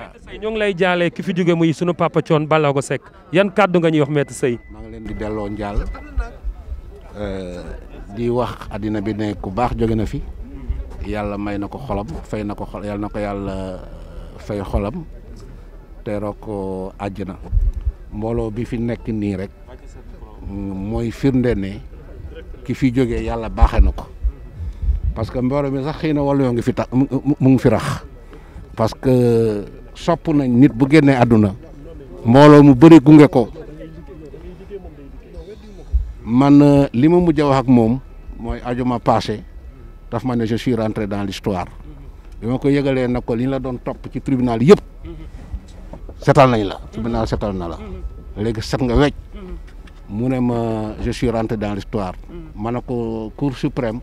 Ah, ñoo ngi lay jaale ki fi jóge muy sunu papa bala Ballago sekk yan kàddu nga ñuy wax Maître Sèye ngi leen di delloo njaal euh, di wax àddina bi ne ku baax jóge na fi yàlla may na ko xolam fay na ko xol yàlla na ko yàlla euh, fay xolam teeroo ko àjjana mbooloo bi fi nekk nii rek mooy firnde ne ki fi jóge yàlla baaxe na ko parce que mbooloo bi sax xëy na wàllu yoo ngi fi tax mu ngi fi rax parce que sopp nañ nit bu génnee àdduna mbooloo mu bëri gunge ko man euh, li ma mujj wax ak moom mooy ajuma passé daf ma ne je suis rentré dans l'histoire bi ko yëgalee nag ko li la doon topp ci tribunal yëpp setal nañ la tribunal setal na la léegi set nga wecc mu ne ma je suis dans l'histoire ma ne ko cour suprême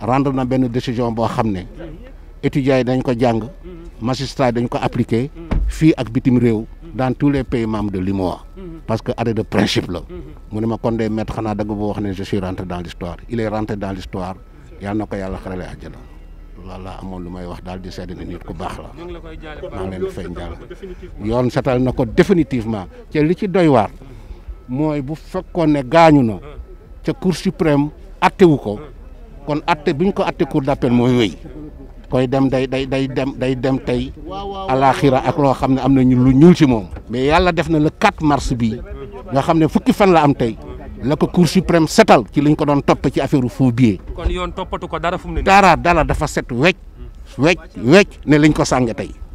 rendre na benn décision boo xam ne étudiants yi dañ ko jàng mm-hmm. magistrat dañ ko appliqué mm-hmm. fii ak bitim réew mm-hmm. dans tous les pays membres de l'UMOA parce que arrêt de principe la mu ne ma kon dee maître xanaa dëgg boo wax ne je suis rentré dans l'histoire il est rentré dans l'histoire yal na ko yàlla xarale àjjana loolu amoon lu may wax daal di seede ne nit ku baax la maa leen di fay njaal yoon setal na ko définitivement te li ci doy waar mooy bu fekkoon ne gaañu na mm. ca cour suprême attewu ko mm. kon atte bu ko atte cour d'appel koy dem day day day dem day dem tey alaxira ak loo xam ne am na ñu lu ñuul si moom. mais yàlla def na la 4 mars bii nga xam ne fukki fan la am tey la ko cour suprême setal ci lañ ko doon topp ci affaire faux billet. kon yoon toppatu ko dara fu mu dara dafa set wecc wecc ne liñ ko sàng tey.